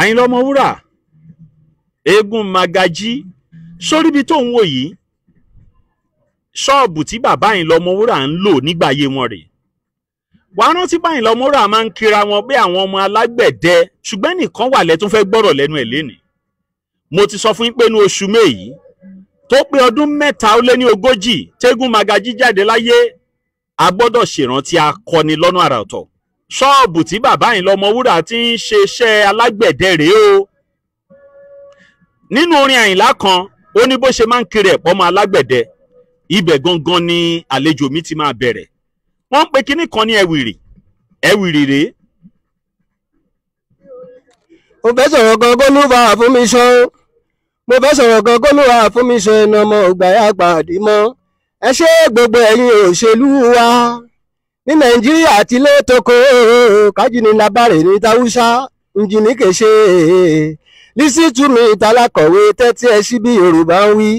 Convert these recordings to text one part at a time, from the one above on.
Àyìnlá Ọmọwúrà eégún magají sóríbi tó ń wò yìí ṣọ́ọ̀bù tí bàbá Àyìnlá Ọmọwúrà ń lò nígbà ayé wọn rèé wàá rántí báyìí lọ́mọ rà máa ń kira wọn bí àwọn ọmọ alágbẹ̀dẹ ṣùgbọ́n nìkan wà lẹ́tún fẹ́ gbọ́rọ̀ lẹ́nu ẹ̀ lénìí mo ti sọ fún yín pé ní oṣù méyì tó pé ọdún mẹ́ta ó lé ní ogójì tégún magají jáde láyé a gbọ́dọ̀ ṣèrántí akọni lọ́nà àrà ọ̀tọ̀ ṣọ́ọ̀bù tí bàbá yìí lọ́mọwúrà ti ń ṣeṣẹ́ alágbẹ̀dẹ rèé o nínú orin àyìnlá kan ó ní bó ṣe máa ń kiri ẹ̀pọ́ ọmọ alágbẹ̀dẹ ibẹ̀ gangan ni àlejò mi ti máa bẹ̀rẹ̀ wọ́n ń pe kinní kan ní ẹ̀wìrì ẹ̀wìrì rèé. mo fẹ́ sọ̀rọ̀ kan kó fún mi ṣan mo fẹ́ sọ̀rọ̀ kan kó fún mi ṣan ẹnu ọmọ ògbà yà pàdé ẹ ṣé gbogbo ẹ̀yin òṣèlú wa. ní nàìjíríà àti lẹ́tọ́kọ́ kájínì labárẹ̀ ní tàwùsá njíníkè ṣe lísì túmí ìtàlákọ̀wé tẹ́tí ẹ sí bí yorùbá ń wí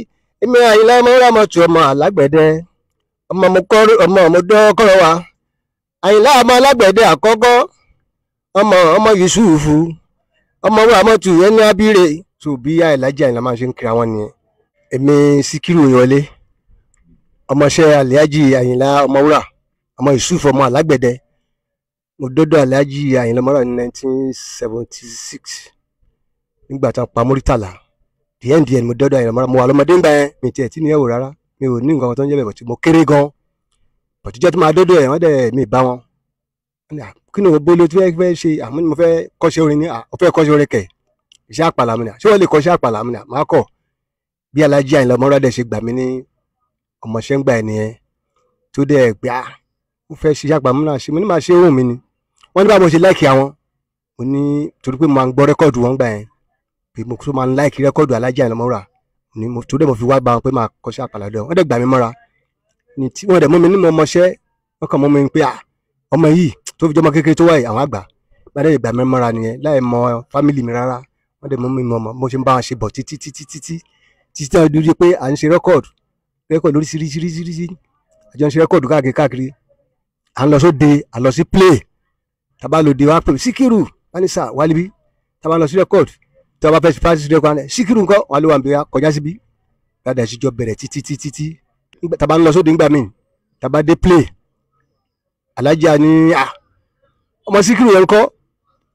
ọmọ rámọ̀tù ọmọ alágbẹ̀dẹ ọmọ ọmọdé ọkọ̀rọ̀ wa ọmọ alágbẹ̀dẹ àkọ́kọ́ ọmọ ọmọ yusufu ọmọ tó bí àìlájà máa ṣe ń síkírù ọmọ yusuf ọmọ alágbẹ̀dẹ mo dọ́dọ̀ aláàjì àyìnlá mọ́ra ní nineteen seventy six nígbà tá a pa mọ́rítàlá díẹ̀díẹ̀ mo dọ́dọ̀ àyìnlá mo wà lọ́mọdé ńgbà yẹn mi tiẹ̀ tí níyàwó rárá mi ò ní nǹkan tó ń jẹ́ bẹ̀rẹ̀ mo kéré gan bọ̀tíjọ́ tó máa dọ́dọ̀ ẹ̀ wọ́n dẹ̀ mi bá wọn kí ni o bolo tí fẹ́ ṣe àmọ́ ni mo fẹ́ kọ́ṣẹ́ orin ni o fẹ́ kọ́ṣẹ́ orin kẹ̀ iṣẹ́ àpàlà mi nà ṣé wọ́n lè kọ́ṣẹ́ àpàlà mi nà má kọ̀ bí alájí àyìnlá mọ́ra dẹ̀ ṣe gbà mí ní ọmọṣẹ́ ńgbà ẹ̀ nìyẹn tó dẹ̀ gbà á mo fẹ́ ṣe yàgbà múnà ṣe mo ní màá ṣe ohun mi ni wọ́n ní báwo ṣe láìkì àwọn mo ní torí pé mo máa ń gbọ́ rẹ́kọ̀dù wọn gbà yẹn pé mo tó máa ń láìkì rẹ́kọ̀dù alájà ìlọmọ rà ni mo torí mo fi wá bá wọn pé màá kọ́ṣẹ́ àpàlàdé wọn dẹ̀ gbà mí mọ́ra ni tí wọ́n dẹ̀ mú mi ní mo mọṣẹ́ wọ́n kàn mú mi pé ah ọmọ yìí tó fi jọmọ kékeré tó wáyé àwọn àgbà gbàdẹ́ ìgbà mi mọ́ra nìyẹn láì mọ fámìlì mi rárá wọ́n dẹ̀ mú mi mọ̀ mo ṣe ń bá wọn ṣe bọ̀ títí títí títí títí tí wọ́n dúró pé à ń ṣe rẹ́kọ̀dù rẹ́kọ̀dù lóríṣiríṣiríṣiríṣi àjọ ń ṣe rẹ́kọ̀dù káàkiri káàkiri à ń lọ sóde à ń lọ sí play tabalòde wa pè síkírù wani sà wálíbí tabalọ sí record tí wọn bá fẹ́ sí practice rẹ kwan síkírù ńkọ́ wálé wa nbẹ̀rẹ̀ kọjá síbi dáadáa ìṣíjọ bẹ̀rẹ̀ títí títí tí taba ń lọ sóde ńgbà míì taba dé play alájà ni à ọmọ síkírù yẹn ńkọ́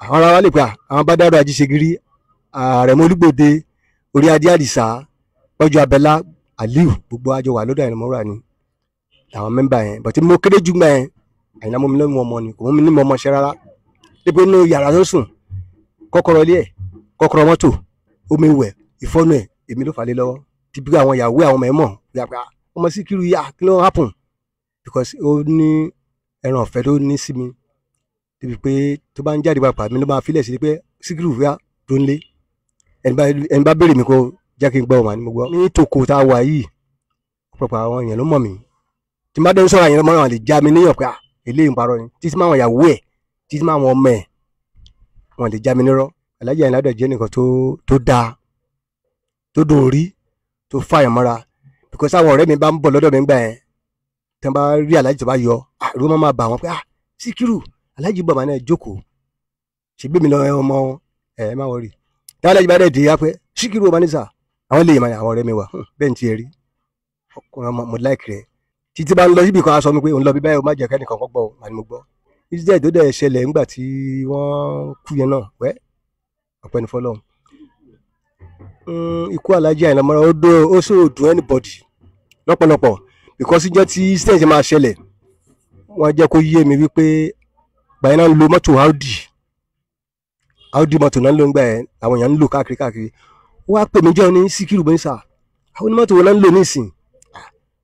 àwọn ará wa lè pa àwọn bá dárò àjíṣegiri ààrẹ mọlúgbòde orí adé àdìsá pọ́jú abẹ́lá aliu gbogbo àjọ wà lọ́dọ̀ àìrìnmọ́ra ni àwọn mẹ́mbà yẹn bọ̀tí mo kéré jù gbà yẹn àyìnlá mọ́mi lọ́mọ ọmọ ni kò mọ́mi ní ọmọ ṣe rárá pépé inú yàrá ló sùn kọ́kọ́rọ́ ilé ẹ̀ kọ́kọ́rọ́ mọ́tò omi wẹ̀ ìfọ́nù ẹ̀ èmi ló falẹ̀ lọ́wọ́ ti bí àwọn ìyàwó àwọn ọmọ ẹ̀ mọ̀ yàgbá ọmọ sí kiri yà ah, kí ló ń happen because ó ní ẹran ọ̀fẹ́ ló ní sí mi débi pé tó bá ń jáde papà mi ló máa filẹ̀ sí pé síkírù fíà tó ń lé ẹni bá béèrè mi kó jẹ́ kí n gbọ́ ọ̀mà ni mo gbọ́ ní tòkó tá a wà eléyìí ń parọ́ ni títí máa wọn ìyàwó ẹ̀ títí máa wọn ọmọ ẹ̀ wọn lè já mi nírọ́ Alhaji Àyìnlá dẹ̀ jẹ́ nìkan tó tó dáa tó dùn rí tó fààyàn mọ́ra because àwọn ọ̀rẹ́ mi bá ń bọ̀ lọ́dọ̀ mi gbà yẹn tí wọ́n bá rí Alhaji tó bá yọ àrò ah, máa máa bà wọ́n pé ah Síkírù Alhaji bàbá náà jókòó ṣègbè mi lọ ọmọ ẹ má wọrí tí Alhaji bá dẹ̀ dé yá pé Síkírù ọmọ nísà àwọn lè yẹ àwọn ọ̀rẹ́ mi wà bẹ́ẹ̀ ní ti rí ọkùnrin mo like rẹ̀ títí bá ń lọ síbi kan aṣọ mi pé òun lọ bí báyìí o má jẹ́ kẹ́nìkan kọ́ gbọ́ o màá ni mo gbọ́ israel tó dẹ̀ ṣẹlẹ̀ ńgbà tí wọ́n kú yẹn náà wẹ́ ọpẹ́ ni fọlọ́run hmm, ikú alájí àyìnlá mọ́ra ó dó ó sì ò dùn anybody lọ́pọ̀lọpọ̀ because ìjọ tí israel ṣe máa ṣẹlẹ̀ wọ́n jẹ́ kó yé mi wípé gbàyẹn náà ń lo mọ́tò audi audi mọ́tò náà ń lò ń gbà yẹn àwọn èèyàn ń lò káàkiri káàkiri wọ́n á pè mí jẹ́ ní síkírù bẹ́ńsà àwọn onímọ́tò wọn náà ń lò nísìn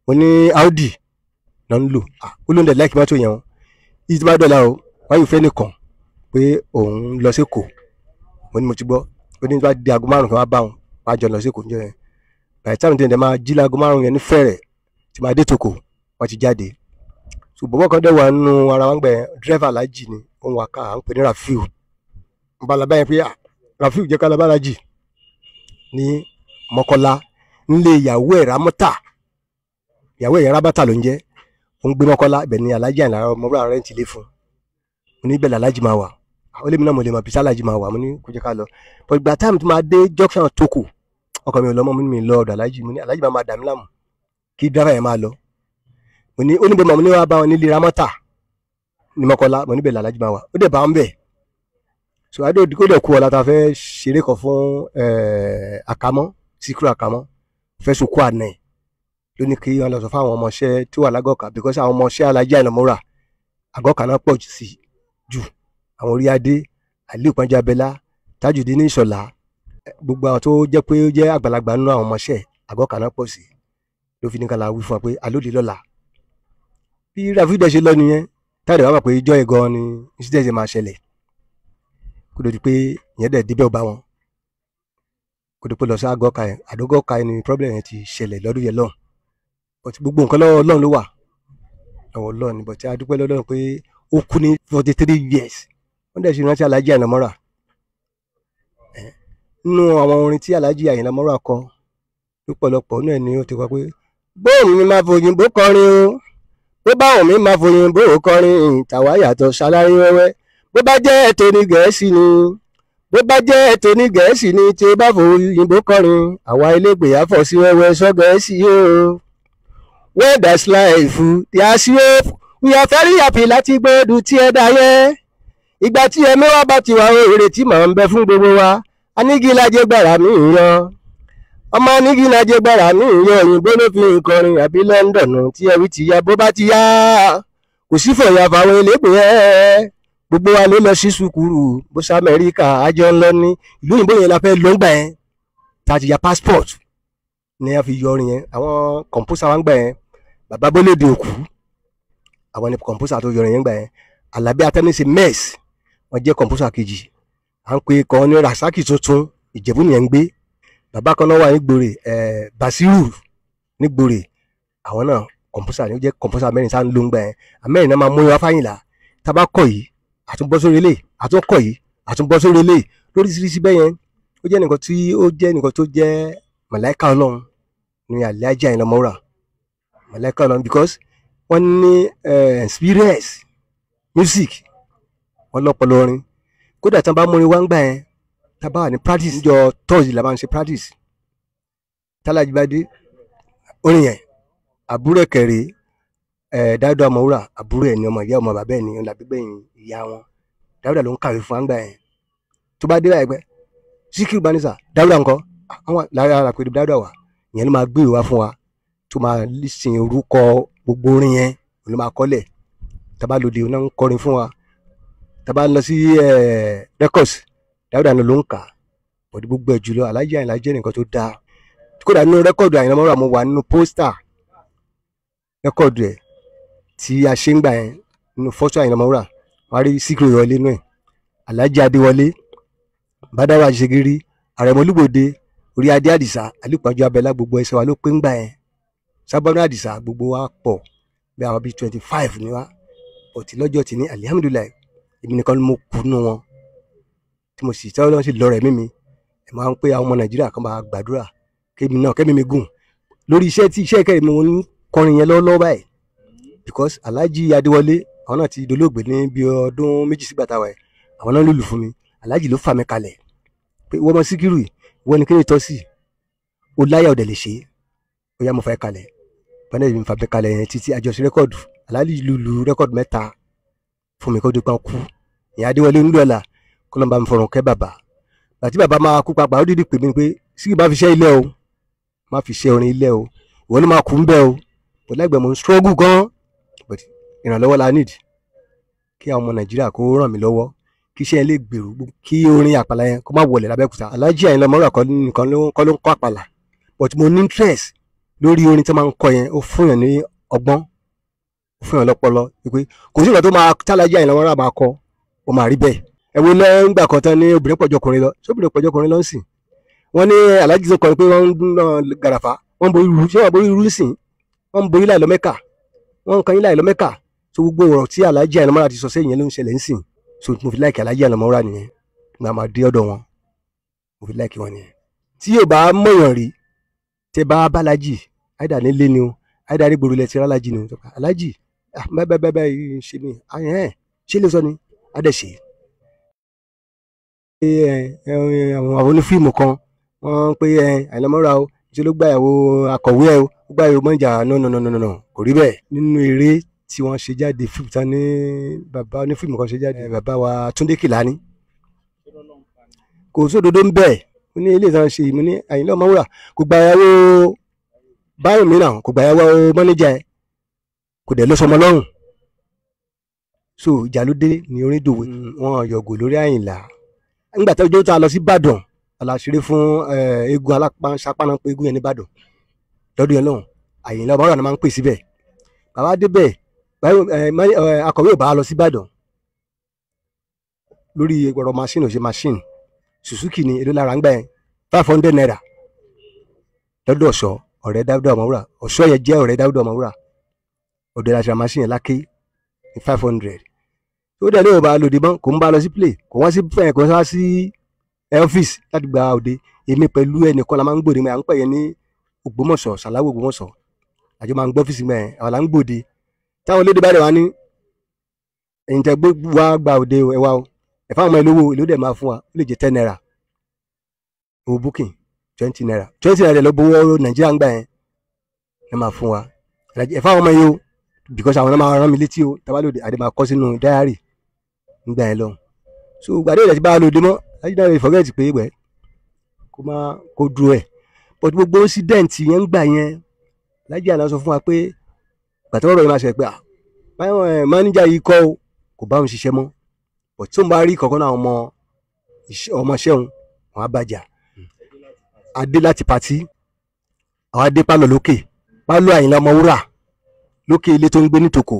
mo ní audi lọ ń lò ó lóun dẹ̀ láìkí mọ́tò yẹn o yìí ti bá dọ̀la o wọ́n yóò fẹ́ nìkan pé òun lọ sí kò mo ní mo ti gbọ́ ó ní bá di aago márùn kí wọ́n bá wọn wọ́n á jọ lọ sí kò níjọ yẹn bàtí táwọn tẹ̀lé máa jí láago márùn yẹn ní fẹ̀rẹ̀ tí máa dé tòkò wọ́n ti jáde so bọ̀bọ̀ kan dẹ̀ wà nínú ara wọn gbẹ dírẹ́fà alájì ni òun wà ká à ń pè ní Rafiu balaba yẹn pé Rafiu jẹ́ kálábá alájì ní Mọ́kọ́lá ńlẹ̀ ìyàwó ẹ̀ Ramọ́tà ìyàwó ẹ̀ Ramọ́tà ló ń jẹ́ ó ń gbé mọ́kọ́lá ibẹ̀ ni alájì àná ọmọbúrò àárẹ̀ ń tilé fún un oníbẹ̀ làlájì máa wà ó lé mi náà mo lè mọ̀ bísí alájì máa wà mo ní kó jẹ́ ká lọ but ìgbà táàmù tó máa dé junction tókù ọkọ mi ò lọ́mọ mi lọ ọ̀dọ̀ alájì mo ní alájì máa máa dà láàmú kí dára yẹn máa lọ mo ní oníbẹ̀ mọ̀ mo ní wàá bá wọn nílé ramọ́tà ní mọ́kọ́lá mo níbẹ̀ làlájì máa wà ó dẹ̀ so adé ó dẹ̀ kú ọ láta fẹ́ ṣeré kan fún eh, ló ní kí wọn lọ sọ fáwọn ọmọọṣẹ́ tí wà lágọ̀ọ́ká because àwọn ọmọọṣẹ́ alájà ìnàmúra àgọ́ká náà pọ̀ jù sí jù àwọn orí adé aliu panjabela tajudeen ní ìṣọ̀lá gbogbo àwọn tó jẹ́ pé ó jẹ́ àgbàlagbà nínú àwọn ọmọọṣẹ́ àgọ́ká náà pọ̀ sí ló fi ní kálá wí fún wa pé alóde lọ́la bí rafide ṣe lọ nìyẹn táyà wà pé ijọ́ ẹ̀ ni incident máa ṣẹlẹ̀ kó ló di pé ìyẹn dẹ̀ débẹ̀ ó bá ni problem yẹn ti ṣẹlẹ̀ lọ́dún yẹn but gbogbo nǹkan lọ́wọ́ ọlọ́run ló wà lọ́wọ́ ọlọ́run ni but a dúpẹ́ lọ́lọ́run pé ó kú ní forty three years wọ́n dẹ̀ ṣe ìrántí aláàjì àyìnlá mọ́ra nínú àwọn orin tí aláàjì àyìnlá mọ́ra kọ lọ́pọ̀lọpọ̀ náà ni ó ti kọ pé bóun mi máa fòyìnbó kọrin o bó bá òun mi máa fòyìnbó kọrin tàwa yàtọ̀ ṣaláyé wẹ́wẹ́ bó bá jẹ́ tèmi gẹ̀ẹ́sì ni bó bá jẹ́ tèmi gẹ̀ẹ́sì ni tí bá fòyìnbó kọrin àwa ilégbèyà fọ̀ sí wẹ́wẹ́ sọ́gẹ̀ẹ́sì yìí Where best life there's hope we are very happy láti gbóòdù tí ẹ dáyé ìgbà tí ẹmí wá bá ti wà ó ìrètí màá ń bẹ fún gbogbo wa anígílájẹ gbàrà mí yan ọmọ anígílájẹ gbàrà mí yan òyìnbó ló fi nǹkan rìn àbí London tí ẹrú ti ya bó bá ti yá kò sí fòyà fáwọn elégbèé ẹ gbogbo wa ló lọ sí sùkúrù bó sá Amẹ́ríkà àjọ ńlọ ní ìlú òyìnbó yẹn la fẹ́ ló ń gbà yẹn tá a ti ya passport ni a fi yọrin yẹn àwọn kọ̀ǹpútà wa ń gbà yẹn bàbá bọ́lẹ̀dì òkú àwọn ni kọ̀mpúsà tó yọrin yẹn gbà yẹn alábí atẹ́mísì mess wọ́n jẹ́ kọ̀mpúsà kejì à ń pe kan ní rasaki tuntun ìjẹ̀bú nìyẹn ń gbé bàbá kan náà wà ní gbòòrè ẹ̀ basiru ní gbòòrè àwọn náà kọ̀mpúsà ni ó jẹ́ kọ̀mpúsà mẹ́rin tá à ń lo ń gbà yẹn àmẹ́rin náà máa mú wa fáyìnlá tábà kọ̀ yìí àtúnbọ́ sórí eléyìí àtúnkọ̀ yìí àtúnbọ́ sórí eléyìí lóríṣiríṣi bẹ́ẹ̀ yẹn ó jẹ́ nìkan tí ó jẹ́ nìkan tó jẹ́ màláìka ọlọ́run ní Alhaji Àyìnlá Ọmọwúrà mọ̀lẹ́kọ̀ lọ because wọ́n ní eh, experience music wọ́n lọ́pọ̀lọ́ orin kódà tí wọ́n bá múrin wá ń gbà yẹn tá a bá wà ní practice níjọ thursday la máa ń ṣe practice tálájì bá dé orin yẹn àbúrò kẹrì eh, dáúdà ọmọwúrà àbúrò ẹ̀ ni ọmọ ìyá ọmọ bàbá ẹ̀ ni ọ̀nà àbígbẹ́ yìí ìyá wọn dáúdà ló ń kàwé fún àgbà yẹn tó bá dé láyé pẹ́ síkírù bá ní sà dáúdà ńkọ́ àwọn ah, làárẹ̀ àràpẹ̀rẹ̀ dáúdà wà ìyẹn ló máa gbé ìwà fún wa tó máa sin orúkọ gbogbo orin yẹn ló máa kọ́lẹ̀ tábà lòdì náà ń kọrin fún wa tábà lọ sí records dáwọ́dà náà ló ń kà á bọ̀dé gbogbo ẹ̀ jùlọ alájà ìlà jẹ́ nǹkan tó dáa kódà nínú rẹ́kọ̀dù Àyìnlá Ọmọwúrà mo wà nínú pósítà rẹ́kọ̀dù ẹ̀ tí a ṣe ń gbà yẹn nínú fọ́tò Àyìnlá Ọmọwúrà wà rí síkìrì ìrọ̀lẹ́ inú ẹ̀ alájà adéwọlé bàdáwà ṣègìrì àrẹ̀mọ́lúgbòde orí adé àdìsá alùpàjọ abẹ́lá gbogbo ẹsẹ̀ wa ló pé ń gbà yẹn Sábánú Àdìsá gbogbo wa pọ̀ bí àwọn bíi twenty five ni wa ọtí lọ́jọ́ tí ní alihamudulilayi èmi nìkan ni mo kunu wọn tí mo sì tí wọ́n sì lọ́rọ̀ ẹ̀mí mi ẹ̀ máa ń pé àwọn ọmọ Nàìjíríà kan máa gbàdúrà kémi náà kémi mi gùn lórí iṣẹ́ tí iṣẹ́ ìkẹrìmí wọn ń kọrin yẹn lọ́wọ́lọ́wọ́ báyìí because Alhaji Adéwọlé àwọn náà ti dolóògbé ní bíi ọdún méjì sígbà táwa ẹ̀ àwọn náà lùlù fún mi Alhaji ló fà mí kalẹ̀ pé wọ́n mọ Síkírù ìwọ ni kéde tọ́ sí láyà ọ̀dẹ̀ lè ṣe ó yá mo fà kalẹ̀ Panẹ́lì mi fàbẹ́ kalẹ̀ yẹn títí àjọṣe rẹ́kọ̀dù aláàlì lulu rẹ́kọ̀dù mẹ́ta fún mi kó dípọ̀ kú ìyá Adéwọlé Onídọ̀là kọlọ́mbà mi fọ̀rọ̀ kẹ́ bàbá bàtí bàbá máa kú papà ó dìde pè mí pé sígi bá fi ṣe ilé o má fi ṣe orin ilé o ìwọ ló máa kú ń bẹ o kò lẹ́gbẹ̀ẹ́ mò ń struggle gan ìrànlọ́wọ́ la need kí àwọn ọmọ Nàìjíríà kó ràn mí lọ́wọ́ kí iṣẹ́ ilé gbèrú kí orin àpàlà yẹn kó má wọlé lábẹ́kúta alájí àyìnlá mọ́rà kọ́ ló ń kọ́ àpàlà but mo ní interest lórí orin tí wọ́n máa ń kọ yẹn ó fún yàn ní ọgbọ́n ó fún yàn lọ́pọlọ pé kò sí ìgbà tó máa challenge àyìnlá wọn rà máa kọ ó máa rí bẹ́ẹ̀ ẹ wo náà ń gbà kan tán ní obìnrin pọ̀jọ́ ọkùnrin lọ ṣé obìnrin pọ̀jọ́ ọkùnrin lọ ń sìn wọ́n ní aláàjì tó kọrin pé wọ́n ń dún gàràfà wọ́n ń borí rú ṣé wọ́n borí rú sìn wọ́n ń borí láì lọ Mẹ́kà wọ́n ń kan láì lọ Mẹ́kà tó gbogbo ọ̀rọ̀ tí aláàjì àyìnlá mọ́ra sọ sẹ́yìn yẹn ló ń ṣẹlẹ̀ ń sìn so mo fi láìkì aláàjì àyìnlá mọ́ra nìyẹn gbà máa dé ọ̀dọ̀ wọn mo fi láìkì wọn nìyẹn tí yóò bá mọ̀yàn rí tẹ bá bálájì àìdá nílé ni o àìdá ní gbòòrò ilẹ̀ ti rálájì ni o alájì bẹ́ẹ̀bẹ́ẹ̀bẹ́ ṣe ni ẹ̀ ṣe lè sọ ni adẹ̀ṣe. àwọn onífíìmù kan wọ́n pé àìlọ́mọ́ra o ṣe ló gbàyàwó akọ̀wé ẹ̀ o ó gbàyàwó mọ́jà nọ̀nọ̀nọ̀nọ̀ kò rí bẹ́ẹ̀ nínú eré tí wọ́n ṣe jáde fíìmù tán ní bàbá onífíìmù kan ṣe jáde bàbá wa Túndé Kìlání kò sódodo ń bẹ́ẹ̀ ní ilé ìtàn ṣe ìmú ní àyìnlá ọmọwúrà kò gbàyàwó báyìí mìíràn kò gbà yàwó mọ́nẹ́jà ẹ kò dẹ̀ ló sọmọ lọ́rùn so ìjàlódé ni orin dòwe mm. wọn yọgò lórí àyìnlá nígbà tó jẹ́ tá a lọ sí ìbàdàn aláṣẹrẹ fún eégún alápáńsápáná pé eégún yẹn ní ìbàdàn lọ́dún yẹn lọ́hùn àyìnlá ọba ọ̀nà máa ń pè síbẹ̀ bàbá débẹ̀ akọ̀wé ò bá lọ sí ìbàdàn lórí ọ̀rọ̀ machine òṣè machine Suzuki ni èlò lára ń gbà yẹn five hundred naira lọ́dún ọ̀ṣọ́ ọ̀rẹ́ dáúdà ọ̀mọ̀wúrà ọ̀ṣọ́yẹ jẹ́ ọ̀rẹ́ dáúdà ọ̀mọ̀wúrà ọ̀dọ̀ ìlàjà machine lákè ní five hundred ó dẹ̀ lóò bá a lòdì mọ́ kò ń bá a lọ sí play kò wọ́n sí fẹ́ kò wọ́n sá sí ọ́fíìsì láti gba òde èmi pẹ̀lú ẹnìkan la máa ń gbòde mẹ́ à ń pẹ̀ yẹn ní Ògbómọ̀ṣọ́ sàláwò Ògbómọ̀ṣọ́ àjọ máa ń gbọ́ ọ́fíìsì mẹ́ àwọn là ń gbòde táwọn olóde bá wá ní ẹ̀yìn tẹ́ wá gba òde ẹ̀wá o ẹ̀fọ́ àwọn ọmọ ìlówó ìlú dẹ̀ máa fún wa ó lè jẹ́ ten naira owó booking twenty naira twenty naira lọ bówó nàìjíríà ń gbà yẹn ẹ máa fún wa ẹ fáwọn ọmọ yìí o because àwọn náà máa rán mi létí o tábàlù àdè máa kọ sínú dáárì ńgbà yẹn lọ́hùn so gbàdé ìdẹ̀tí bá a lò dé mọ́ ayídá rẹ̀ forget pé wẹ̀ kó má kó dúró ẹ̀ but gbogbo incident yẹn ń gbà yẹn lájí àná sọ fún wa pé gbàtọ́rọ̀ yẹn máa ṣe pé ah, eh, máníjà yìí kọ́ o kò bá òun ṣiṣẹ́ mọ́ but tó ń bá rí kọ̀ọ̀kan náà ọmọ ọmọ ṣẹ́hun wọn á bàjá a dé láti patí àwa dé pálọ̀ lókè pálọ̀ Àyìnlá Ọmọwúrà lókè ilé tó ń gbé nítòkò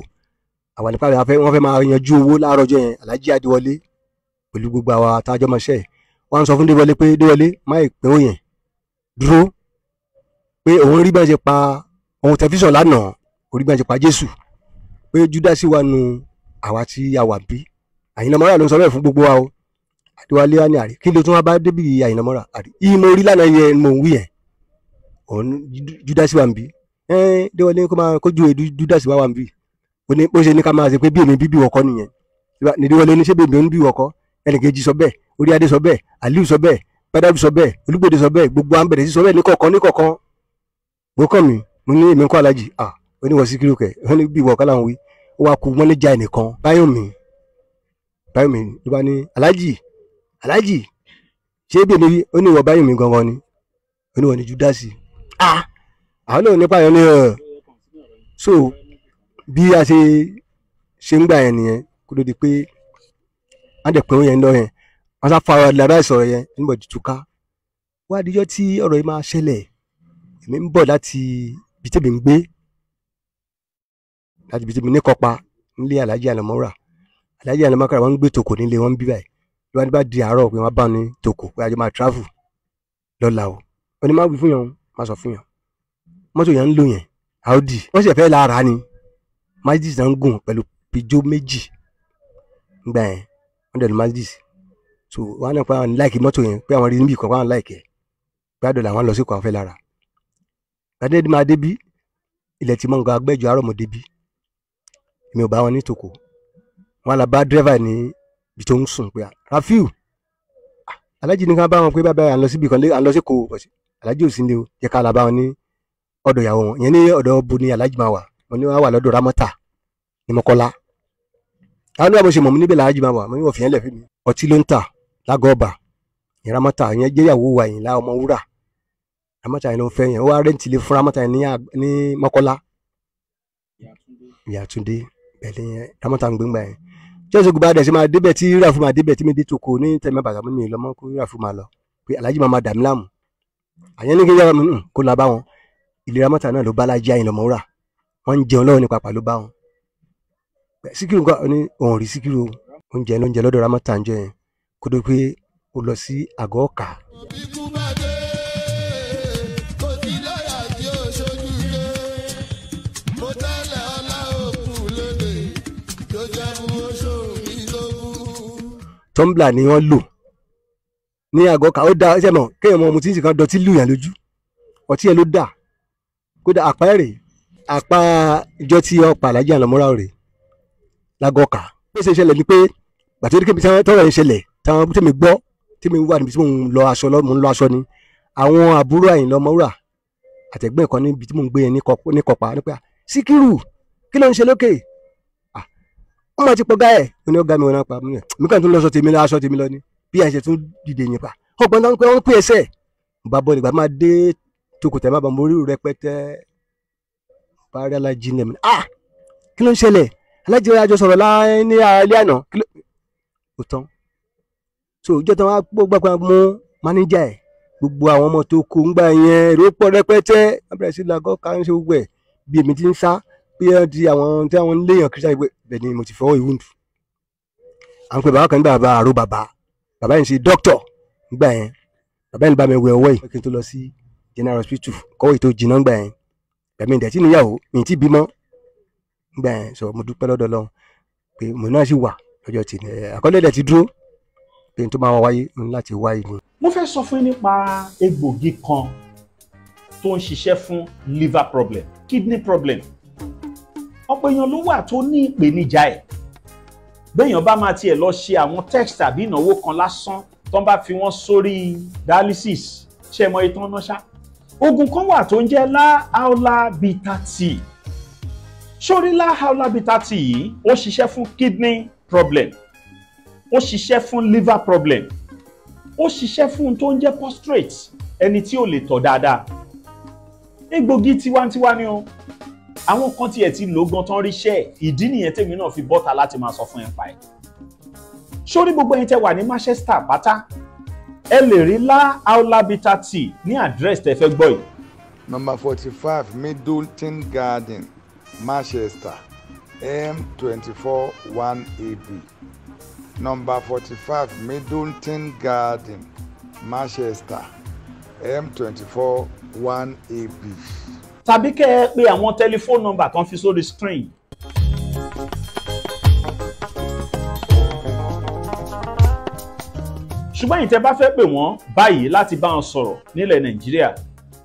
àwa nípa rẹ̀ wọ́n fẹ́ máa yanjú owó láàárọ̀ ọjọ́ yẹn Alhaji Adéwọlé pẹ̀lú gbogbo àwa àtàjọ ọmọọṣẹ́ ẹ̀ wọ́n sọ fún Déwọlé pé Déwọlé má ì ó yẹn dúró pé òun rí bẹ́ẹ̀ ṣe pa ohun tẹ̀físàn lánàá orí bẹ́ẹ̀ ṣe pa Jésù pé Judasi wà nù àwa tí a wà bí Àyìnlá Ọmọwúrà ló ń sọ bẹ́ẹ̀ fún gbogbo wa o àdéwálé á ní àrí kí ló tún wá bá débi àyìnà mọ́ra àrí yìí mo rí lánàá yẹn mò ń wí yẹn òun júdásí wa ń bí ẹ́n déwálé kó máa kójú èdè júdásí wa wà ń bí ó ní bó ṣe ní ká máa ṣe pé bí èmi bíbí ọkọ nìyẹn nídéwálé ní ṣé bèbè ń bí ọkọ ẹnìkejì sọ bẹ́ẹ̀ orí adé sọ bẹ́ẹ̀ aliu sọ bẹ́ẹ̀ gbadadu sọ bẹ́ẹ̀ olúgbòde sọ bẹ́ẹ̀ gbogbo à sọ bẹ́ẹ̀ ní kọ̀ọ̀kan ní mi mo ní èmi ń kọ́ alájì à oníwọ̀ síkírù kẹ̀ wọ́n ní bí ìwọ̀ kọ́lá wí ó wá ku mọ́nẹ́jà ẹnìkan báyọ̀ mi báyọ̀ mi ló bá ní alájì aláàjì ṣé bèmí rí ó ní ìwọ báyìí mi gangan ni ó ní ìwọ ni júdásì ah àwọn náà nípa yẹn ni so bí a ṣe ṣe ń gbà yẹn nìyẹn kó ló di pé á dẹ̀ pé ó yẹn lọ yẹn wọn sá fa ọ̀rọ̀ lára ìsọ̀rọ̀ yẹn nígbà tí túká wá adijọ́ tí ọ̀rọ̀ yìí máa ṣẹlẹ̀ èmi ń bọ̀ láti ibi ń gbé láti ibi ní kọpa nílé aláàjì àlàmọ́ra aláàjì àlàmọ́ra wọn ń gbé tòkò nílé wọn ń bí báyìí ló wá nígbà di àárọ̀ pé wọ́n bá ní tòkò pé àjọ máa travel lọ́la o ó ní má wí fún yàn má sọ fún yàn mọ́tò yẹn ń lò yẹn Audi wọ́n sì fẹ́ lára ni Mercedes náà ń gùn pẹ̀lú Peugeot méjì gbà yẹn wọ́n dẹ̀ lu Mercedes so wọ́n á náà pé àwọn láìkì mọ́tò yẹn pé àwọn rí níbi ìkọ̀ pé àwọn láìkì ẹ̀ pé àdọ̀là àwọn lọ sí ìkọ̀ àwọn fẹ́ lára gbàdéèdè máa débí ilẹ̀ tí mọ̀ngàn agbẹ́jọ́ àrọ̀mọ̀débí èmi ò bá wọn ní tòkò wọn là bá dírẹ́fà ní tó ń sùn pé Rafiu alájí nìkan bá wọn pé bàbá à ń lọ síbi kan à ń lọ sí kò ọ̀sẹ̀ alájí ò sí ní o jẹ́ ká làbá wọn ní ọ̀dọ̀ ìyàwó wọn ìyẹn ní ọ̀dọ̀ bo ni alájí máa wà wọn ni wọn wà lọ́dọ̀ Ramọ́ta ní Mọ́kọ́lá àwọn ní wàá bó ṣe mọ̀ mí níbẹ̀ làlájí máa wà mo ní wọ́n fi yẹn lẹ̀ fún mi ọtí ló ń tà lágọ́ọ̀bà ìyẹn Ramọ́ta ìyẹn jẹ́ ìyàwó wa Àyìnlá ọmọ wúrà Ramọ́ta yẹn ló ń fẹ́ yẹn ó wá rẹ́ǹtì lé fún Ramọ́ta yẹn ní Mọ́kọ́lá Ìyàtúndé bẹ̀lẹ́ yẹn Ramọ́ta ń gbégbá yẹn ṣọ́ọ̀ṣì ògùnbà dẹ̀ ṣe máa débẹ̀ tí rírà fún máa débẹ̀ tí mi dé tòkó ní tẹ̀mí bàtà mi mi lọ́mọ kó rírà fún máa lọ pé aláàjì máa máa dà mí láàmú àyẹn ní kí yára mi hmm, kó lọ bá wọn ìlera mọ́ta náà ló bá lájí àyìn lọ́mọ rà wọ́n ń jẹun lọ́wọ́ ní papà ló bá wọn síkírù nǹkan ní òun rí síkírù oúnjẹ lóúnjẹ lọ́dọ̀ ramọ́ta ń jẹ kó dó pé ó lọ sí àgọ́ ọ̀kà. tumbler ni wọ́n lò ní àgọ́ kan ó da ṣe mọ̀ kéèyàn mọ ọmọọmọ tí nìkan dọtí lùyàn lójú ọtí ẹ̀ ló dà kódà àpá ẹ̀rẹ̀ àpá ìjọ tí ọ̀pá alájà lọ́mọ́ra rè lágọ́ kà ó ṣe ṣẹlẹ̀ ni pé gbàtí ó kébi tọ́rọ̀ yẹn ṣẹlẹ̀ táwọn tèmi gbọ́ tèmi wà níbi tí mò ń lọ aṣọ mò ń lọ aṣọ ni àwọn àbúrò Àyìnlá Ọmọwúrà àtẹ̀gbẹ́ kan níbi tí mò ń gbé yẹn ní kọpa nípa Síkírù kí ló ń ṣe lókè wọn máa ti pọ gáyẹ mo ní ọgá mi wọn náà pa mí mi kàn tún lọ sọ tèmi lọ aṣọ tèmi lọ ni bí àṣẹ tún dìde yín pa ọgbọ́n náà pé wọn pè ẹsẹ bá bọ nígbà máa dé tokòtà má bà mo rí rẹpẹtẹ parí alájí ní ẹmí ah kí ló ń ṣẹlẹ̀ alájí ajọ sọ̀rọ̀ láàyè ní alẹ́ àná kí ló kò tán so ìjọ tán wá gbọ́ gbà mú mánéjà ẹ̀ gbogbo àwọn ọmọ tó kó ń gbà yẹn èrò pọ̀ rẹpẹtẹ wọn bẹ̀rẹ̀ sí làgọ́ kárínṣẹ́ gbogbo ẹ̀ bí èmi ti ń sá pé ẹ di àwọn tí àwọn léèyàn kiri sáà bẹ́ẹ̀ ni mo ti fọwọ́ ìwúndù à ń pè bàbá kan nígbà bàbá àrò bàbá bàbá yìí ń ṣe dókítọ̀ nígbà yẹn bàbá yìí ń bá mi wẹ ọwọ́ yìí kí n tó lọ sí general hospital kọ́wé tó jìnnà nígbà yẹn ẹ̀mí ìdẹ̀tí níyàwó mi ti bímọ nígbà yẹn sọ mo dúpẹ́ lọ́dọ̀ lọ́hùn pé mo náà sì wà lọ́jọ́ tì ní àkọlé dẹ̀ ti dúró pé n tó máa wáyé n láti wáyé ni. mo fẹ́ sọ fún yín nípa egbògi kan tó ń ṣiṣẹ́ fún liver problem kidney problem ọ̀pọ̀ èèyàn ló wà tó ní ìpèníjà ẹ̀ béèyàn bá máa tiẹ̀ lọ ṣe àwọn text tàbí ìnáwó kan lásán tó ń bá fi wọ́n sórí dialysis ṣe mọ itan náà ṣá oògùn kan wà tó ń jẹ́ láhàólàbítàtì sórí láhàólàbítàtì yìí ó ṣiṣẹ́ fún kidney problem ó ṣiṣẹ́ fún liver problem ó ṣiṣẹ́ fún un tó ń jẹ́ prostrate ẹni tí ò lè tọ̀ dáadáa egbògi tiwantiwa ni o àwọn kan tiẹ̀ ti lò gan tán ríṣẹ́ ìdí nìyẹn tèmi náà fi bọ́ta láti máa sọ fún ẹ pa ẹ̀ sórí gbogbo ẹ̀yin tẹ́ wà ní Manchester pátá ẹ lè rí la aulabita tea ní àdírẹ́sì tẹ́ fẹ́ gbọ́ yìí. number forty five Middleton Garden Manchester m twenty four one ab number forty five Middleton Garden Manchester m twenty four one ab tàbí kẹ́ ẹ pè àwọn tẹlifóònù nọ́mbà kan fi sórí screen. ṣùgbọ́n yìí tẹ́ bá fẹ́ pè wọ́n báyìí láti bá wọn sọ̀rọ̀ nílẹ̀ nàìjíríà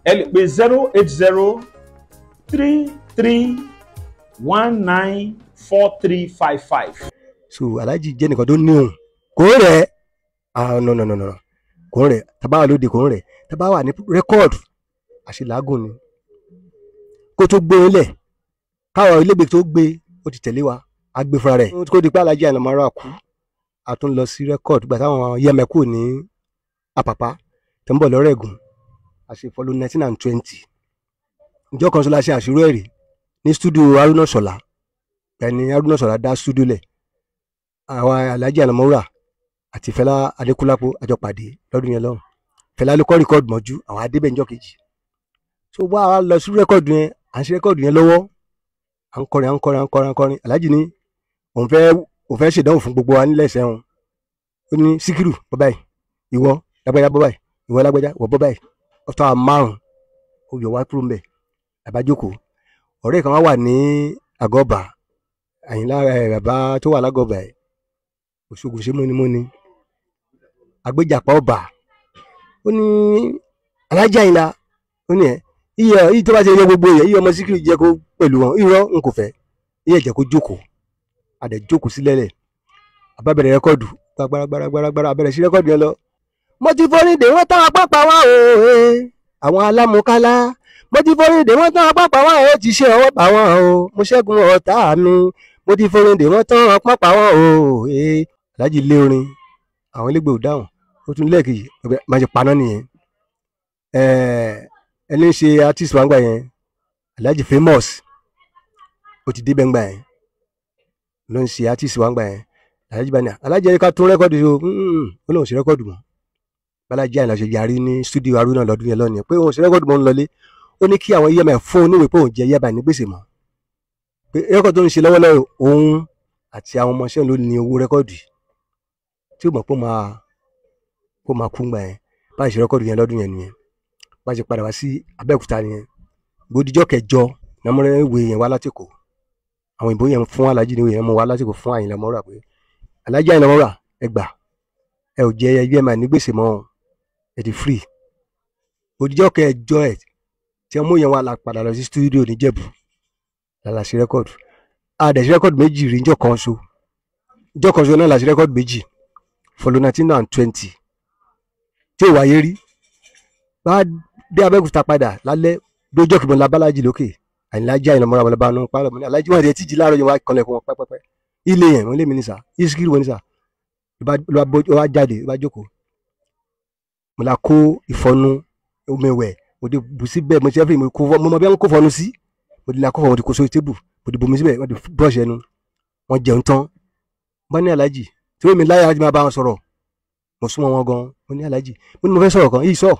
ẹ lè pè zero eight zero three three one nine four three five five. so alhaji jẹ́ nìkan tó ní òun kò rẹ̀ ah no no no no kò ń rẹ̀ tá bá wà lóde kò ń rẹ̀ tá ní rẹ́kọ̀dù àṣìlágùn ni kó tó gbé e lẹ̀ káwọn ilégbè tó gbé e, ó ti tẹ̀lé wa á gbé e fúnra rẹ̀ kó di pé alájí àná máa kú a tún lọ sí rẹ́kọ̀d gbà táwọn yẹmẹ̀kù ní àpàpá tó ń bọ̀ lọ́rọ̀ ẹ̀gùn a ṣe follow nineteen and twenty ìjọ kan ṣọlá ṣe àṣírò ẹ̀rí ní stúdíò Haruna Ṣọlá ẹni Haruna Ṣọlá dá stúdíò lẹ̀ àwọn alájí àná máa rà àti Fẹlá Adékúlápó àjọpàdé lọ́dún yẹn lọ́hùn Fẹlá ló kọ rẹkọd mọjú àwọn adébẹnjọ kejì tó bá a lọ sí rẹkọd yẹn à ń ṣe rẹ́kọ̀dù yẹn lọ́wọ́ à ń kọrin à ń kọrin à ń kọrin à ń kọrin aláàjì ni òun fẹ́ òun fẹ́ ṣèdánwò fún gbogbo wa nílẹ̀ ẹ̀sẹ̀ wọn ó ní síkírù bọ́ báyìí ìwọ lágbájá bọ́ báyìí ìwọ lágbájá wọ bọ́ báyìí ọ̀tọ̀ à márùn ó yọ wá kúrò mbẹ̀ àbájókòó ọ̀rẹ́ kan wà ní àgọ́bà àyìnlá eh, bàbá tó wà lágọ̀bà ẹ̀ òṣogbo ṣe múnimúni àgbéjàpá ọba ó ní alájà àyìnlá ó ní ẹ̀ iyọ̀ yìí tó bá ti yẹ gbogbo yẹ iyọ̀ ọmọ síkìrì jẹ́ kó pẹ̀lú wọn irọ́ n kò fẹ́ iyọ̀ jẹ́ kó jókòó àdẹ̀ jókòó sílẹ̀lẹ̀ àbábẹ̀rẹ̀ rẹ́kọ̀dù gbàgbàràgbàràgbàrà àbẹ̀rẹ̀ sí rẹ́kọ̀dù yẹn lọ. mo ti forí dè wọ́n táwọn pápá wá o àwọn alámukálá mo ti forí dè wọ́n táwọn pápá wá o ti ṣe ọwọ́ pa wọ́n o mo ṣẹ́gun ọ̀tá mi mo ti forí dè wọ́n táwọn pápá wá o aláàjì lé orin àwọn ilégbèé ẹni ṣe artist wa ń gbà yẹn Alhaji famous ó ti débẹ̀ ń yẹn ló ń ṣe artist wa ń gbà yẹn Alhaji bá ní Alhaji ẹni ká tún rẹ́kọ̀dù yìí hmm, ó lóun ṣe rẹ́kọ̀dù mọ́ Bálájí Àyìnlá ṣe yarí ní studio aruna lọ́dún yẹn lọ́nìí pé òun ṣe rẹ́kọ̀dù mọ́ ń lọlé ó ní kí àwọn EMI fún un níwèé pé òun jẹ yaba e ní gbèsè mọ́ pé rẹ́kọ̀dù tó ń ṣe lọ́wọ́lọ́wọ́ òun àti àwọn ọmọọṣẹ́ ló ní owó rẹ́kọ̀dù tí ó mọ̀ pé ó máa kú gbà yẹn báyìí ṣe rẹ́kọ̀dù yẹn lọ́dún yẹn nìyẹn bá ṣe padà wá sí Abẹ́òkúta nìyẹn gbòdìjọ́ kẹjọ nàmúrẹ́ ìwé yẹn wá látìkò àwọn òyìnbó yẹn fún alájí ni ìwé yẹn mú wá látìkò fún Àyìnlá Ọmọwúrà pé alájí Àyìnlá Ọmọwúrà ẹ gbà ẹ ò jẹ ẹbí ẹ ní gbèsè mọ́ ẹ di free gbòdìjọ́ kẹjọ ẹ tí ọmọ yẹn wá la padà lọ sí studio níjẹ̀bù lálàsí rẹ́kọ̀dù àdẹ̀sí rẹ́kọ̀dù méjì rí njọ́ kan so njọ́ kan so náà làsí rẹ́kọ̀dù méjì for nineteen and twenty tí ò wáyé rí bá dé abẹ́òkúta padà lálẹ́ lójọ́ kìbọn labálájì lókè àyìnlájà ìnà mọ́ra mọ́ra bá nù pálọ̀ mọ́ ní alájí wọn ti ti jí láàárọ̀ yẹn wá kọ́lẹ̀ fún wọn pẹ́pẹ́pẹ́ ilé yẹn wọn lé mi ní sà iskiru wọn ní sà ló wá jáde ló wá jókòó mo la kó ìfọnu omi wẹ̀ mo di bù síbẹ̀ mo ti ẹ́fì mo mọ bí wọ́n kó fọnu sí mo di la kó fọnu mo di kó sórí tébù mo di bomi síbẹ̀ wọ́n di búrọ̀ṣì ẹnu wọ́n jẹun tán bá ní alájì tí wọ́n mi láyà alájì máa bá wọn sọ̀rọ̀ mo súnmọ́ wọn gan mo ní alájì mo ní mo fẹ́ sọ̀rọ̀ kan yìí sọ̀rọ̀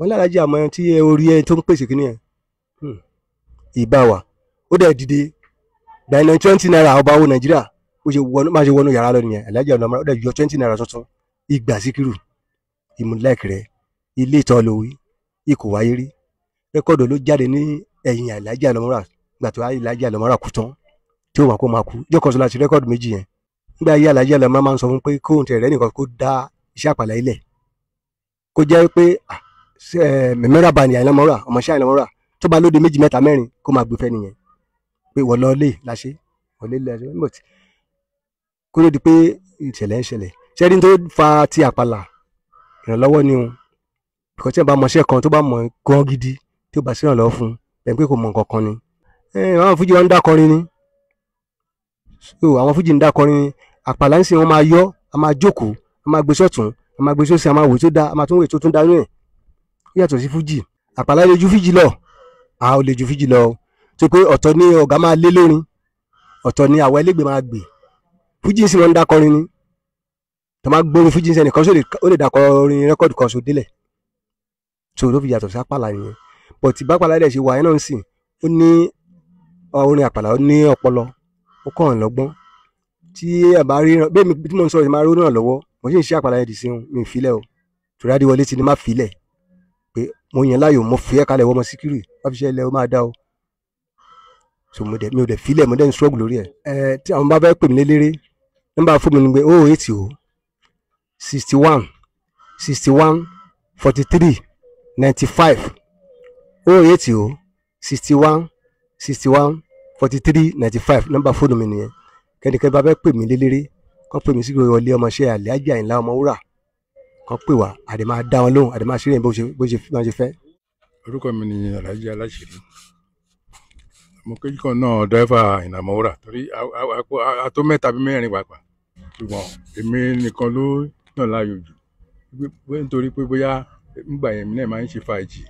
wọn lálàájì àmọ́ tí orí ẹ tó ń pèsè kí nìyẹn hmm. ìbá wa ó dẹ̀ dìde dàìnà twenty naira ọba owó nàìjíríà ó ṣe wọnú má ṣe wọnú yàrá lọ nìyẹn alájà ọ̀nà ó dẹ̀ yọ twenty naira tuntun ìgbà síkírù ìmúlẹ̀kì rẹ ilé ìtọ́ lówí ikò wáyé rí rẹ́kọ̀dù ló jáde ní ẹ̀yìn alájà lọ́mọ́ra gbà tó alájà lọ́mọ́ra kú tán tí ó wà kó máa kú jọ́kọ̀ọ́sọ láti rẹ́kọ̀dù méjì yẹn nígbà yí alájà lọ́mọ́ra máa ń sọ fún pé kóhùn tẹ̀rẹ́ nìkan kó dá iṣẹ́ àpàlà ilẹ̀ kó jẹ́ pé ah Eh, mẹ́mẹ́rà bá ní àìlọ́mọ́ra ọmọọṣẹ́ àìlọ́mọ́ra tó bá lóde méjì mẹ́ta mẹ́rin kó máa gbé fẹ́ nìyẹn pé wọ́n lọ lé láṣẹ wọ́n lé láṣẹ but kó ló pé ìṣẹ̀lẹ̀ ń ṣẹlẹ̀ tó fa ti àpàlà ìrànlọ́wọ́ ni o because tí wọ́n bá mọṣẹ́ kan tó bá mọ̀ gan gidi tí ó bá sí ìrànlọ́wọ́ fún ẹ̀ pé kò mọ̀ nǹkan kan ni àwọn fújì wọn ń dákọrin ni so àwọn fújì ń dákọrin ni àpàlà ń sìn wọn máa yọ a máa jókòó a máa gbé sọ́tún a máa gbé sósì a máa wò tó da a máa tún wò tó tún da nínú ẹ̀ yàtọ̀ sí fújì àpàlà lè ju fújì lọ àá ò lè ju fújì lọ tó pé ọ̀tọ̀ ni ọ̀gá máa lé lórin ọ̀tọ̀ ni àwọn ẹlẹ́gbẹ́ máa gbè fújì sì wọ́n ń dakọrin ni tó máa gbórin fújì sẹ́ni kan ó lè dakọrin rẹ́kọ̀dù kan so délẹ̀ tó ló fi yàtọ̀ sí àpàlà yẹn bọ̀ tí bápàlà dẹ̀ ṣe wà yẹn náà ń sìn ó ní orin àpàlà ó ní ọpọlọ ó kàn lọ́gbọ́n tí ẹ rí bẹ́ẹ̀ mi tí mo ń sọ ìmọ̀ aró náà lọ́wọ́ mo sì ń ṣe àpàlà yẹn dì sí mi ìfilẹ̀ o torí adéwọlé ti ní má filẹ̀ mo yàn láàyò mo fi ẹ́ kalẹ̀ wọ́n mọ síkírì wọ́n fi ṣe ẹlẹ́ o máa dá o so mo dẹ̀ mi ò dẹ̀ filẹ̀ mo dẹ̀ ń struggle lórí ẹ̀ ẹ tí àwọn bá fẹ́ pè mí lélẹ́rẹ́ nọ́mbà fún mi ni pé oh eight o sixty one sixty one forty three ninety five oh eight o sixty one sixty one forty three ninety five nọ́mbà fóònù mi nìyẹn kẹ́nikẹ́ni bá fẹ́ pè mí lélẹ́rẹ́ kọ́ pè mí síkírì wọlé ọmọ ṣẹ́ àlẹ́ àjẹ́ àyìnlá ọmọ wúrà kọ́ pè wá àdè máa dá wọn lóhùn àdè máa ṣeré bó ṣe bó ṣe máa ṣe fẹ́. orúkọ mi ni alhaji aláṣẹrí mo kéjì kan náà dẹ́fà ìnàmọ́ra torí àtó mẹ́ta bí mẹ́rin wà pa ṣùgbọ́n èmi nìkan ló náà láàyò jù bóyá nítorí pé bóyá nígbà yẹn mi náà máa ń ṣe fàájì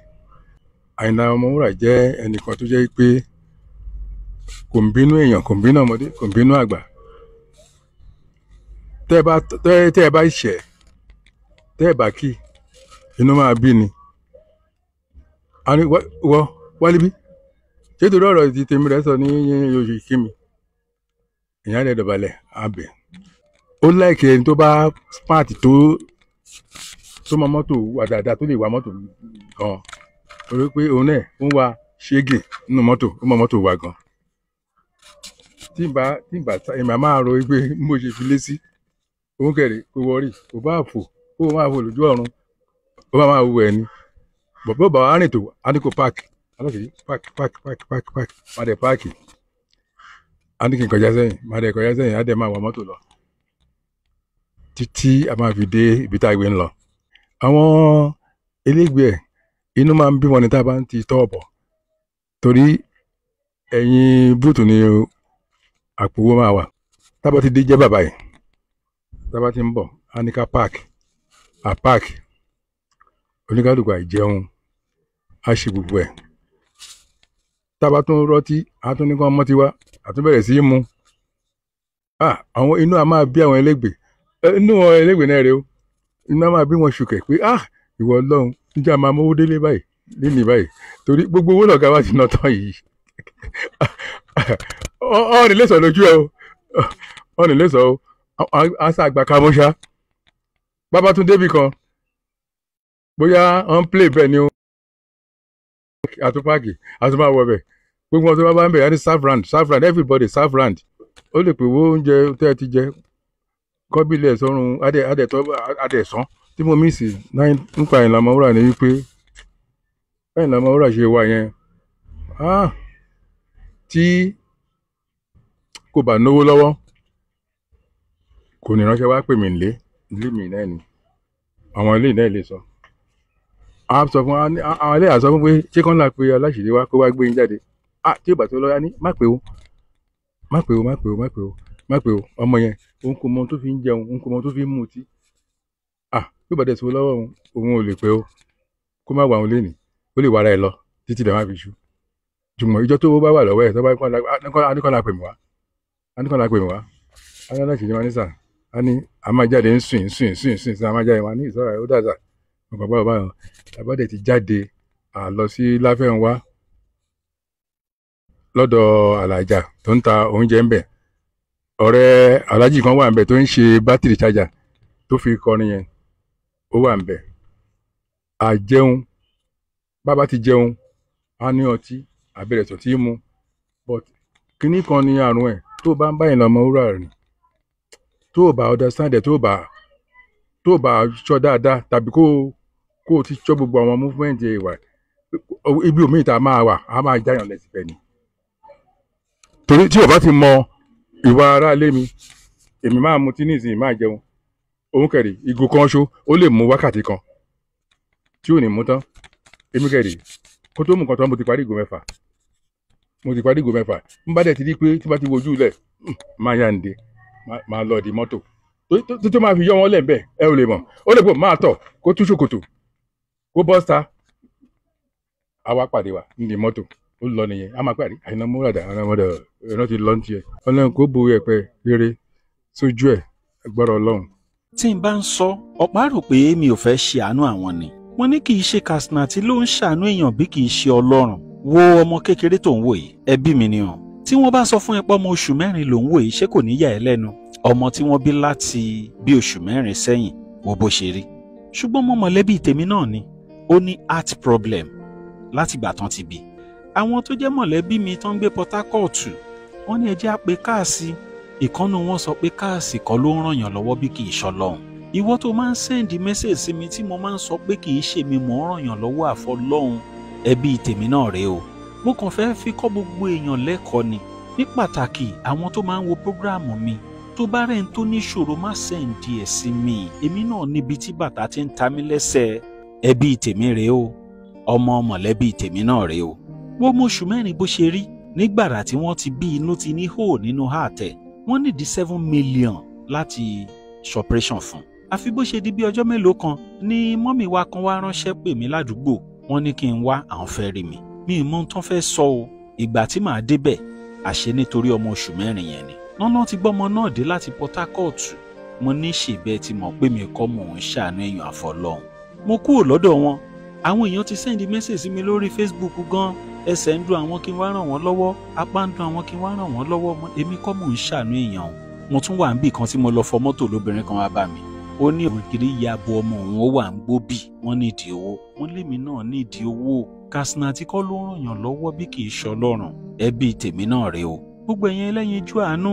àyìnlá ọmọwúrà jẹ́ ẹnìkan tó jẹ́ pé kò ń bínú èèyàn kò ń bínú ọmọdé kò ń bínú àgbà tẹ́ ẹ bá ṣẹ̀ tẹ́ ẹ̀ bá kí inú máa bí ni wọ́ wálébí ṣètò ọ̀rọ̀ ti tèmi rẹ̀ sọ ní oṣù kí mi ìyá rẹ̀ dọ̀bálẹ̀ abẹ̀ ó láìkì ẹni tó bá smart tó tó mọ mọ́tò wà dáadáa tó lè wa mọ́tò gan orí pé òun náà ń wa ṣéégì nínú mọ́tò ó mọ mọ́tò wa gan tí n bá tí n bá ẹ̀mí a máa rọ pé mo ṣe fi lé sí òun kẹrì kò wọrí kò bá fò ó máa wò lójú ọ̀run ó máa wò ẹ̀ ni bọ̀bọ̀ bàbá wa rìn tó aniko páàkì alókè páàkì páàkì páàkì páàkì páàkì má dẹ̀ páàkì aniki kọjá sẹ́yìn má dẹ̀ kọjá sẹ́yìn á dẹ̀ máa wà mọ́tò lọ títí a máa fi dé ibi tá a gbé ń lọ àwọn elégbèé inú máa ń bí wọn ní tá a bá ń ti tọ́ torí ẹ̀yìn búùtù ni àpòwó máa wà tábà ti dé jẹ́ bàbá yìí tábà ti ń bọ̀ anika park apac oníkálukú àìjẹun á ṣe gbogbo ẹ̀ tába tún rọtí á tún ní kí wọ́n mọ́tí wá á tún bẹ̀rẹ̀ sí í mu ah, àwọn inú a máa bí àwọn ẹlẹ́gbẹ́ eh, inú wọn ẹlẹ́gbẹ́ náà rèé o inú a máa bí wọn ṣùkẹ̀ pé ah ìwọ ọlọ́run níjà máa mówó délé báyìí lénìí báyìí torí gbogbo owó lọ̀gá wa ti nà tán yìí ọ̀ọ́nì lè sọ lójú ẹ o ọ̀ọ́nì lè sọ o àṣà àgbà kamọ́ṣá Babátúndé bì kan bóyá on play bẹ́ẹ̀ ni ó àtúpáàkì àtúmáwọ̀ bẹ̀ gbogbo wọn tó bá bá ń bẹ̀ yá ní safran safran everybody safran ó lè pè wó oúnjẹ tẹ́ ẹ ti jẹ kọ́bílẹ̀ sọ́run adẹ̀sán tí mo mí sí nípa Àyìnlá Ọmọwúrà ni wípé Àyìnlá Ọmọwúrà ṣe wà yẹn ah, tí kò bá náwó lọ́wọ́ kò ní ránṣẹ́ wá pè mí nílé ilé mi náà ni àwọn ilé náà lè sọ a sọ fún àwọn ilé àsọ fún pé ṣé kán náà pe aláṣìírí wa kó wá gbé yín jáde ah, a tí ó bá tó lọ́ra ní má pé o má pé o má pé o má pé o má pé o ọmọ yẹn òun kò mọ ohun tó fi ń jẹun òun kò mọ ohun tó fi ń mu ọtí a ah, tí ó bá dẹ̀ lọ́wọ́ òun òun ò lè pé o kó má wà òun lé ní ó lè wà ara ẹ lọ títí dẹ̀ má fi ṣu jùmọ̀ ìjọ tó bá wà lọ́wọ́ ẹ̀ tó bá kọ́ adékọ́lá pè mí wá adékọ́lá pè mí wá aláṣìírí wa ní sàn a ní a máa jáde ń sùn sùn sùn sùn sùn a máa jáde wọn ní ìsọ̀rọ̀ ó dàgbà wọn bàbá bàbá wọn àbádẹ ti jáde à lọ sí láfẹ̀wá lọ́dọ̀ alájà tó ń ta oúnjẹ ń bẹ̀ ọ̀rẹ́ alájì kan wà ń bẹ̀ tó ń ṣe bátìrì chájà tó fi kọrin yẹn ó wà ń bẹ̀ àjẹun bàbá ti jẹun á ní ọtí àbẹ̀rẹ̀ tó ti mú but kíní kan ní àrùn ẹ̀ tó bá ń báyìí lọ́mọ wúrà rìn tó o bá understand ẹ̀ tó o bá tó o bá dáadáa tàbí kó o ti sọ gbogbo àwọn movement ẹ̀ wà ibi omi tá a máa wà a máa jáyàn lẹ́sìn fẹ́ ni. torí tí o bá ti mọ ìwà aráalé mi èmi máa òun kẹ̀rì kan ṣo ó lè mú wákàtí kan tí ò ní mú tán èmi kẹ̀rì kó tó mo ti parí ìgò mẹ́fà mo ti parí ìgò mẹ́fà bá dẹ̀ ti pé tí bá ti wojú hmm, máa lọ di mọ́tò tó tó máa fi yọ wọn lẹ̀ ń bẹ̀ ẹ ò lè mọ̀ ó lè pò máa tọ̀ kó tú ṣòkòtò kó bọ́ sa àwa pàdé wa ní mọ́tò ó lọ nìyẹn a máa pàdé àyìnbó múradà àwọn ọmọdé ẹ̀rọ ti lọ tiẹ̀ ọlọ́run kò bo ẹ̀pẹ́ rere sójú ẹ̀ gbọ́dọ̀ ọlọ́run. tí n bá ń sọ ọ̀pá rò pé mi ò fẹ́ ṣe àánú àwọn ni wọ́n ní kì í ṣe Katsina tí ló ń ṣàánú èèyàn bí kì í ṣe ọlọ́run wo ọmọ kékeré tó ń wò yìí ẹbí mi ni hàn tí wọ́n bá sọ fún ẹ pé ọmọ oṣù mẹ́rin ló ń wò yìí ṣé kò ní yà ẹ́ lẹ́nu ọmọ tí wọ́n bí láti bí oṣù mẹ́rin sẹ́yìn wo bó ṣe rí ṣùgbọ́n mo mọ̀lẹ́bí tèmi náà ni ó ní heart problem látìgbà tán ti bí àwọn tó jẹ́ mọ̀lẹ́bí mi tán ń gbé Port Harcourt wọ́n ní ẹjẹ́ àpè káàsì ìkànnù wọn sọ pé káàsì kọ́ ló ń ràn yàn lọ́wọ́ bí kì í ṣọlọ́run ìwọ tó máa ń sẹ́ndì mẹ́sẹ̀ẹ́ sí mi tí mo máa ń sọ pé kì í ṣèmi mò ń ràn yàn lọ́wọ́ àfọlọ́run ẹbí tèmi náà rèé o mo kàn fẹ́ fi kọ́ gbogbo èèyàn lẹ́kọ̀ọ́ ni ní pàtàkì àwọn tó máa ń wo prógráàmù mi tó bá rẹ̀ ń tó níṣòro má sẹ́ǹdì ẹ̀ sí mi èmi náà níbi tí bàtà ti ń ta mí lẹ́sẹ̀ ẹbí tèmi rèé o ọmọ mọ̀lẹ́bí tèmi náà rèé o wọ́n mú oṣù mẹ́rin bó ṣe rí nígbàrà tí wọ́n ti bí inú ti ní hò nínú àtẹ̀ wọ́n nídìí seven million láti ṣọpẹ́ṣàn fún àfi bó ṣe di bí ọjọ́ mélòó kan ni mọ́mì wa kan wá ránṣẹ́ pè mí ládùúgbò wọ́n ní kí n wá àwọn fẹ́ rí mi mi ì mọ tán fẹ́ sọ o ìgbà tí màá débẹ̀ àṣẹ nítorí ọmọ oṣù mẹ́rin yẹn ni. nánà ti gbọ́mọ náà dé láti Port Harcourt mo ní ṣèbẹ́ ti mọ̀ pé mi kọ́ mò ń ṣàánú èèyàn àfọlọ́hún. mo kúrò lọ́dọ̀ wọn àwọn èèyàn ti sẹ́ndí mẹ́sẹ̀ sí mi lórí Facebook gan ẹsẹ̀ ń dùn àwọn kí n wá ràn wọ́n lọ́wọ́ apá ń dùn àwọn kí n wá ràn wọ́n lọ́wọ́ èmi kọ́ mò ń ṣàánú èèyàn o mo tún wà níbì kan tí mo lọ fọ mọ́tò lóbìnrin kan wá bá mi ó ní òun kiri ya bo ọmọ òun ó wà ń gbó bì wọ́n nídìí owó wọ́n lémi náà nídìí owó kásínàtì kọ́ ló ràn yàn lọ́wọ́ bí kì í ṣọlọ́run ẹbí tèmi náà rèé o gbogbo ẹ̀yin ẹlẹ́yinjú àánú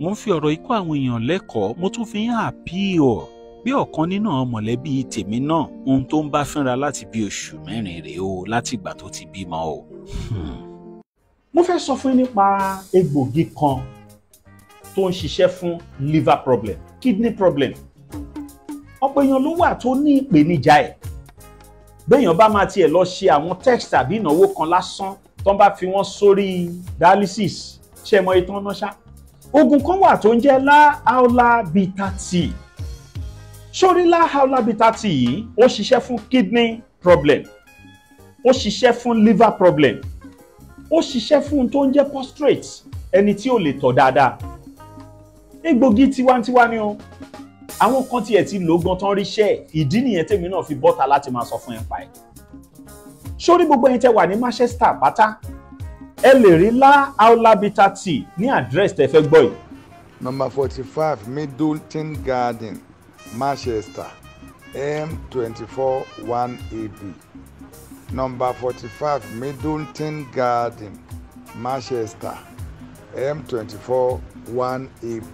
mo ń fi ọ̀rọ̀ ikú àwọn èèyàn lẹ́kọ̀ọ́ mo tún fi ń àpíọ̀ bí ọ̀kan nínú mọ̀lẹ́bí tèmi náà ohun tó ń bá fínra láti bí oṣù mẹ́rin rèé o látìgbà tó ti bímọ o. Hmm. mo fẹ́ sọ fún yín nípa egbògi kan tó ń ṣiṣẹ́ fún liver problem kidney problem ọ̀pọ̀ èèyàn ló wà tó ní ìpèníjà ẹ̀ béèyàn bá máa tiẹ̀ lọ ṣe àwọn text tàbí ìnáwó kan lásán tó ń bá fi wọ́n sórí dialysis ṣe mọ itan náà ṣá oògùn kan wà tó ń jẹ́ láhàólàbítàtì sórí láhàólàbítàtì yìí ó ṣiṣẹ́ fún kidney problem ó ṣiṣẹ́ fún liver problem ó ṣiṣẹ́ fún un tó ń jẹ́ prostrate ẹni tí ò lè tọ̀ dáadáa egbògi tiwantiwa ni o àwọn kan tiẹ̀ ti lò gan tán ríṣẹ́ ìdí nìyẹn tèmi náà fi bọ́ta láti máa sọ fún ẹ̀ pa ẹ̀ sórí gbogbo ẹ̀yin tẹ́ wà ní Manchester pátá ẹ lè rí la aulabita tea ní àdírẹ́sì tẹ́ fẹ́ gbọ́ yìí. number forty five Middleton Garden Manchester m twenty four one ab number forty five Middleton Garden Manchester m twenty four one ab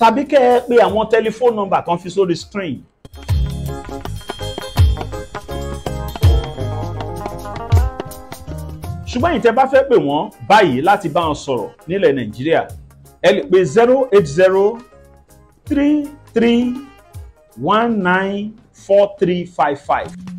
tàbí kẹ́ ẹ pè àwọn tẹlifóònù nọ́mbà kan fi sórí screen. ṣùgbọ́n ìtẹ́ bá fẹ́ pè wọ́n báyìí láti bá wọn sọ̀rọ̀ nílẹ̀ nàìjíríà ẹ lè pè zero eight zero three three one nine four three five five.